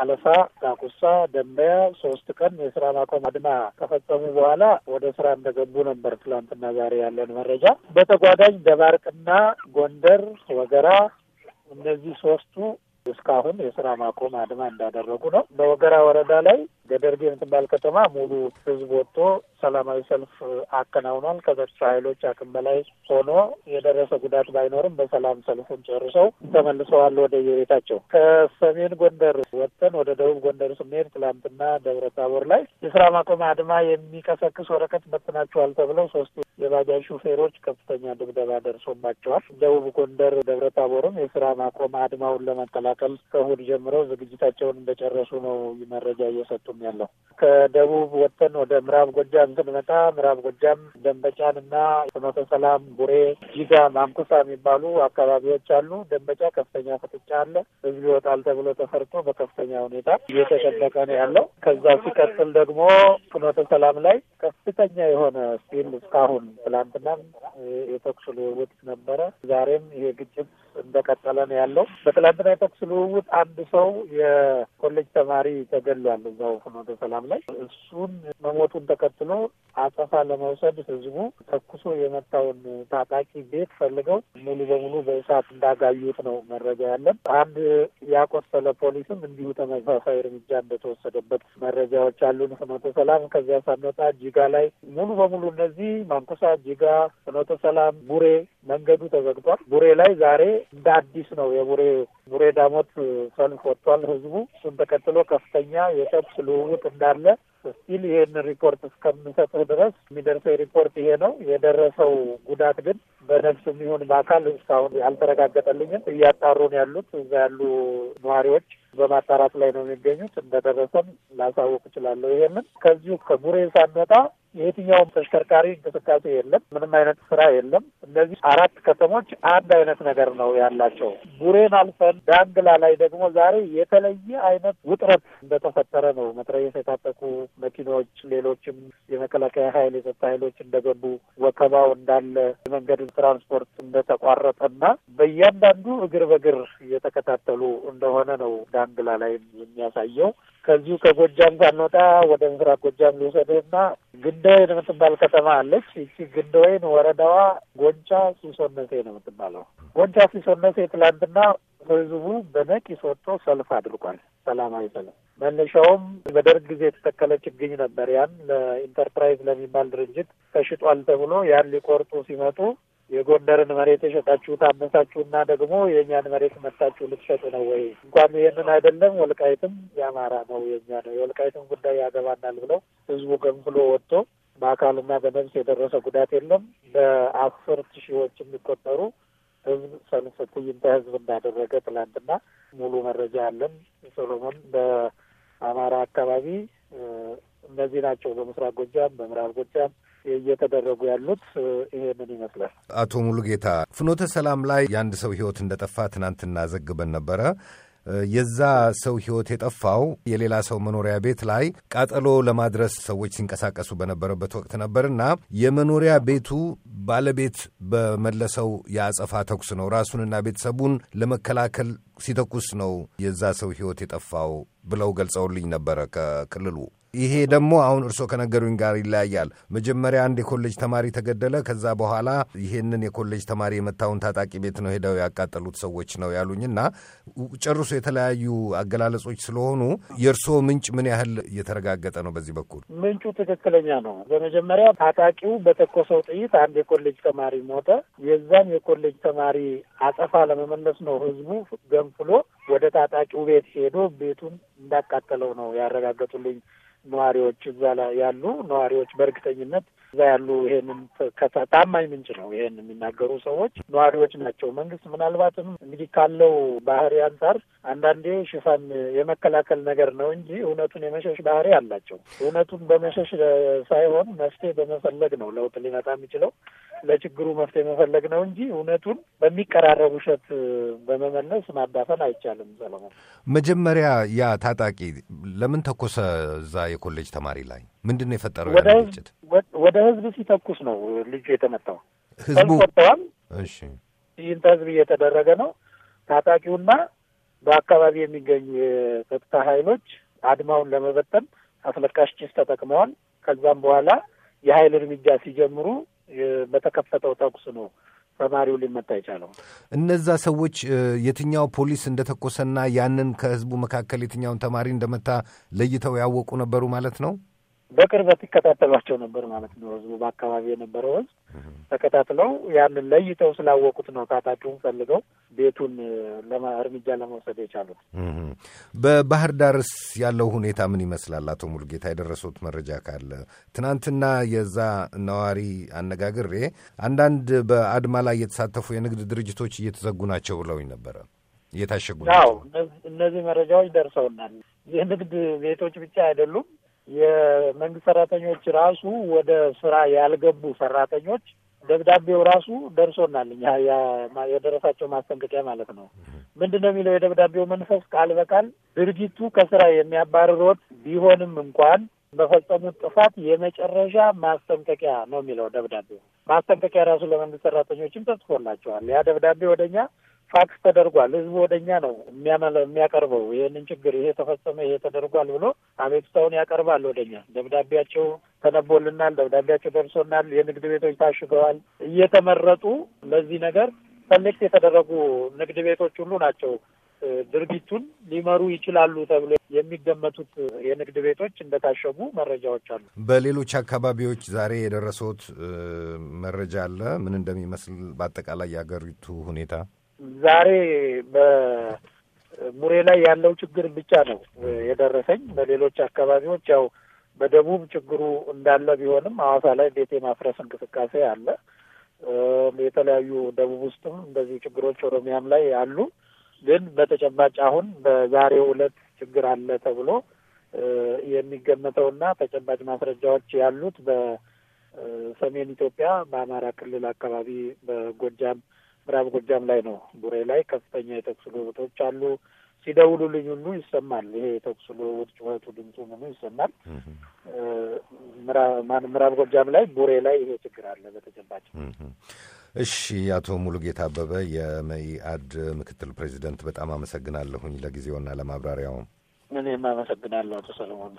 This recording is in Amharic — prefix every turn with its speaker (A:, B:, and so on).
A: አለሳ፣ ዳቁሳ፣ ደንበያ ሶስት ቀን የስራ ማቆም አድማ ከፈጸሙ በኋላ ወደ ስራ እንደገቡ ነበር ትላንትና ዛሬ ያለን መረጃ። በተጓዳኝ ደባርቅና ጎንደር፣ ወገራ እነዚህ ሶስቱ እስካሁን የስራ ማቆም አድማ እንዳደረጉ ነው። በወገራ ወረዳ ላይ ገደርጌ የምትባል ከተማ ሙሉ ህዝብ ወጥቶ ሰላማዊ ሰልፍ አከናውኗል። ከጸጥታ ኃይሎች አቅም በላይ ሆኖ የደረሰ ጉዳት ባይኖርም በሰላም ሰልፉን ጨርሰው ተመልሰዋል ወደ የቤታቸው። ከሰሜን ጎንደር ወጥተን ወደ ደቡብ ጎንደር ስንሄድ ትላንትና ደብረ ታቦር ላይ የስራ ማቆም አድማ የሚቀሰቅስ ወረቀት በትናችኋል ተብለው ሶስቱ የባጃጅ ሹፌሮች ከፍተኛ ድብደባ ደርሶባቸዋል። ደቡብ ጎንደር ደብረ ታቦርም የስራ ማቆም አድማውን ለመቀላቀል ከእሁድ ጀምረው ዝግጅታቸውን እንደጨረሱ ነው መረጃ እየሰጡም ያለው። ከደቡብ ወጥተን ወደ ምዕራብ ጎጃም ስንመጣ ምዕራብ ጎጃም ደንበጫን እና ፍኖተ ሰላም፣ ቡሬ፣ ጂጋ፣ ማንኩሳ የሚባሉ አካባቢዎች አሉ። ደንበጫ ከፍተኛ ፍጥጫ አለ። ህዝብ ይወጣል ተብሎ ተፈርቶ በከፍተኛ ሁኔታ እየተጠበቀ ነው ያለው። ከዛ ሲቀጥል ደግሞ ፍኖተ ሰላም ላይ ከፍተኛ የሆነ ስቲል እስካሁን ትላንትናም የተኩስ ልውውጥ ነበረ። ዛሬም ይሄ ግጭት እንደቀጠለ ነው ያለው። በትላንትና የተኩስ ልውውጥ አንድ ሰው የኮሌጅ ተማሪ ተገሏል። እዛው ፍኖተ ሰላም ላይ። እሱን መሞቱን ተከትሎ አጸፋ ለመውሰድ ህዝቡ ተኩሶ የመጣውን ታጣቂ ቤት ፈልገው ሙሉ በሙሉ በእሳት እንዳጋዩት ነው መረጃ ያለን። አንድ ያቆሰለ ፖሊስም እንዲሁ ተመሳሳይ እርምጃ እንደተወሰደበት መረጃዎች አሉን። ፍኖተ ሰላም ከዚያ ሳንወጣ ጅጋ ላይ ሙሉ በሙሉ እነዚህ ማንኩሳ፣ ጅጋ፣ ፍኖተ ሰላም፣ ቡሬ መንገዱ ተዘግቷል። ቡሬ ላይ ዛሬ እንደ አዲስ ነው የቡሬ ቡሬ ዳሞት ሰልፍ ወጥቷል ህዝቡ። እሱን ተከትሎ ከፍተኛ የተኩስ ልውውጥ እንዳለ ስቲል ይህን ሪፖርት እስከምሰጥህ ድረስ የሚደርሰው ሪፖርት ይሄ ነው። የደረሰው ጉዳት ግን በነፍስ የሚሆን በአካል እስካሁን ያልተረጋገጠልኝም። እያጣሩን ያሉት እዛ ያሉ ነዋሪዎች በማጣራት ላይ ነው የሚገኙት። እንደደረሰም ላሳውቅ እችላለሁ። ይሄንን ከዚሁ ከቡሬ ሳንወጣ የየትኛውም ተሽከርካሪ እንቅስቃሴ የለም። ምንም አይነት ስራ የለም። እነዚህ አራት ከተሞች አንድ አይነት ነገር ነው ያላቸው። ቡሬን አልፈን ዳንግላ ላይ ደግሞ ዛሬ የተለየ አይነት ውጥረት እንደተፈጠረ ነው። መትረየስ የታጠቁ መኪኖች፣ ሌሎችም የመከላከያ ኃይል የጸጥታ ኃይሎች እንደገቡ ወከባው እንዳለ፣ የመንገድ ትራንስፖርት እንደተቋረጠና በእያንዳንዱ እግር በእግር እየተከታተሉ እንደሆነ ነው ዳንግላ ላይ የሚያሳየው። ከዚሁ ከጎጃም ሳንወጣ ወደ ምስራቅ ጎጃም ሊወሰድህና ግን ግንደወይን የምትባል ከተማ አለች። ይቺ ግንደወይን ወረዳዋ ጎንቻ ሲሶነቴ ነው የምትባለው። ጎንቻ ሲሶነቴ ትላንትና ህዝቡ በነቂስ ወጥቶ ሰልፍ አድርጓል። ሰላማዊ ሰልፍ መነሻውም በደርግ ጊዜ የተተከለ ችግኝ ነበር። ያን ለኢንተርፕራይዝ ለሚባል ድርጅት ተሽጧል ተብሎ ያን ሊቆርጡ ሲመጡ የጎንደርን መሬት የሸጣችሁ አነሳችሁና ደግሞ የእኛን መሬት መታችሁ ልትሸጡ ነው ወይ? እንኳን ይህንን አይደለም ወልቃይትም የአማራ ነው የእኛ ነው የወልቃይትም ጉዳይ ያገባናል ብለው ህዝቡ ገንፍሎ ወጥቶ በአካልና በነፍስ የደረሰ ጉዳት የለም። በአስርት ሺዎች የሚቆጠሩ ህዝብ ሰልፍ ትዕይንተ ህዝብ እንዳደረገ ትላንትና ሙሉ መረጃ አለን። ሰሎሞን በአማራ አካባቢ እነዚህ ናቸው። በምስራቅ ጎጃም፣ በምዕራብ ጎጃም እየተደረጉ ያሉት ይሄንን ይመስላል።
B: አቶ ሙሉጌታ ፍኖተ ሰላም ላይ የአንድ ሰው ህይወት እንደጠፋ ትናንትና ዘግበን ነበረ። የዛ ሰው ህይወት የጠፋው የሌላ ሰው መኖሪያ ቤት ላይ ቃጠሎ ለማድረስ ሰዎች ሲንቀሳቀሱ በነበረበት ወቅት ነበርና የመኖሪያ ቤቱ ባለቤት በመለሰው የአጸፋ ተኩስ ነው። ራሱንና ቤተሰቡን ለመከላከል ሲተኩስ ነው የዛ ሰው ህይወት የጠፋው ብለው ገልጸውልኝ ነበረ ከክልሉ ይሄ ደግሞ አሁን እርስዎ ከነገሩኝ ጋር ይለያያል። መጀመሪያ አንድ የኮሌጅ ተማሪ ተገደለ። ከዛ በኋላ ይሄንን የኮሌጅ ተማሪ የመታውን ታጣቂ ቤት ነው ሄደው ያቃጠሉት ሰዎች ነው ያሉኝና ጨርሶ የተለያዩ አገላለጾች ስለሆኑ የእርስዎ ምንጭ ምን ያህል እየተረጋገጠ ነው? በዚህ በኩል
A: ምንጩ ትክክለኛ ነው። በመጀመሪያ ታጣቂው በተኮሰው ጥይት አንድ የኮሌጅ ተማሪ ሞተ። የዛን የኮሌጅ ተማሪ አጸፋ ለመመለስ ነው ህዝቡ ገንፍሎ ወደ ታጣቂው ቤት ሄዶ ቤቱን እንዳቃጠለው ነው ያረጋገጡልኝ ነዋሪዎች እዛ ላይ ያሉ ነዋሪዎች በእርግጠኝነት እዛ ያሉ ይሄንን ከታማኝ ምንጭ ነው ይሄን የሚናገሩ ሰዎች ነዋሪዎች ናቸው። መንግስት ምናልባትም እንግዲህ ካለው ባህሪ አንጻር አንዳንዴ ሽፋን የመከላከል ነገር ነው እንጂ እውነቱን የመሸሽ ባህሪ አላቸው። እውነቱን በመሸሽ ሳይሆን መፍትሄ በመፈለግ ነው ለውጥ ሊመጣ የሚችለው። ለችግሩ መፍትሄ መፈለግ ነው እንጂ እውነቱን በሚቀራረብ ውሸት በመመለስ ማዳፈን አይቻልም። ሰለሞን
B: መጀመሪያ ያ ታጣቂ ለምን ተኮሰ እዛ የኮሌጅ ተማሪ ላይ? ምንድን ነው የፈጠረው? ያለ
A: ግጭት? ወደ ህዝብ ሲተኩስ ነው ልጁ የተመታው። ህዝቡ ወጥተዋል። እሺ፣ ይህንተ ህዝብ እየተደረገ ነው። ታጣቂውና በአካባቢ የሚገኙ የጸጥታ ኃይሎች አድማውን ለመበጠን አስለቃሽ ጭስ ተጠቅመዋል። ከዛም በኋላ የኃይል እርምጃ ሲጀምሩ በተከፈተው ተኩስ ነው ተማሪው ሊመታ የቻለው።
B: እነዛ ሰዎች የትኛው ፖሊስ እንደተኮሰና ያንን ከህዝቡ መካከል የትኛውን ተማሪ እንደመታ ለይተው ያወቁ ነበሩ ማለት ነው።
A: በቅርበት ይከታተሏቸው ነበር ማለት ነው። ህዝቡ በአካባቢ የነበረው ህዝብ ተከታትለው ያንን ለይተው ስላወቁት ነው ታጣቂውን ፈልገው ቤቱን እርምጃ ለመውሰድ የቻሉት።
B: በባህር ዳርስ ያለው ሁኔታ ምን ይመስላል? አቶ ሙልጌታ የደረሱት መረጃ ካለ ትናንትና የዛ ነዋሪ አነጋግሬ አንዳንድ በአድማ ላይ የተሳተፉ የንግድ ድርጅቶች እየተዘጉ ናቸው ብለውኝ ነበረ እየታሸጉ ናቸው።
A: እነዚህ መረጃዎች ደርሰውናል። የንግድ ቤቶች ብቻ አይደሉም የመንግስት ሰራተኞች ራሱ ወደ ስራ ያልገቡ ሰራተኞች ደብዳቤው ራሱ ደርሶናል። የደረሳቸው ማስጠንቀቂያ ማለት ነው። ምንድን ነው የሚለው የደብዳቤው መንፈስ? ቃል በቃል ድርጅቱ ከስራ የሚያባርሮት ቢሆንም እንኳን በፈጸሙት ጥፋት የመጨረሻ ማስጠንቀቂያ ነው የሚለው ደብዳቤው። ማስጠንቀቂያ ራሱ ለመንግስት ሰራተኞችም ተጽፎላቸዋል። ያ ደብዳቤ ወደ እኛ ፋክስ ተደርጓል። ህዝቡ ወደ እኛ ነው የሚያመለ የሚያቀርበው ይህንን ችግር ይሄ ተፈጸመ ይሄ ተደርጓል ብሎ አቤቱታውን ያቀርባል ወደ እኛ። ደብዳቤያቸው ተነቦልናል፣ ደብዳቤያቸው ደርሶናል። የንግድ ቤቶች ታሽገዋል። እየተመረጡ ለዚህ ነገር ሰሌክት የተደረጉ ንግድ ቤቶች ሁሉ ናቸው ድርጊቱን ሊመሩ ይችላሉ ተብሎ የሚገመቱት የንግድ ቤቶች እንደታሸጉ መረጃዎች አሉ።
B: በሌሎች አካባቢዎች ዛሬ የደረሰዎት መረጃ አለ? ምን እንደሚመስል በአጠቃላይ የሀገሪቱ ሁኔታ
A: ዛሬ በሙሬ ላይ ያለው ችግር ብቻ ነው የደረሰኝ። በሌሎች አካባቢዎች ያው በደቡብ ችግሩ እንዳለ ቢሆንም ሐዋሳ ላይ ቤት የማፍረስ እንቅስቃሴ አለ። የተለያዩ ደቡብ ውስጥም እንደዚህ ችግሮች ኦሮሚያም ላይ አሉ። ግን በተጨባጭ አሁን በዛሬው ዕለት ችግር አለ ተብሎ የሚገመተውና ተጨባጭ ማስረጃዎች ያሉት በሰሜን ኢትዮጵያ በአማራ ክልል አካባቢ በጎጃም ምዕራብ ጎጃም ላይ ነው። ቡሬ ላይ ከፍተኛ የተኩስ ልውውጦች አሉ። ሲደውሉልኝ ሁሉ ይሰማል። ይሄ የተኩስ ልውውጥ ጩኸቱ፣ ድምፁ ምኑ ይሰማል። ምዕራብ ጎጃም ላይ ቡሬ ላይ ይሄ ችግር አለ በተጨባጭ።
B: እሺ፣ አቶ ሙሉጌታ አበበ የመኢአድ ምክትል ፕሬዚደንት፣ በጣም አመሰግናለሁኝ ለጊዜውና ለማብራሪያው።
A: እኔም አመሰግናለሁ አቶ ሰለሞን።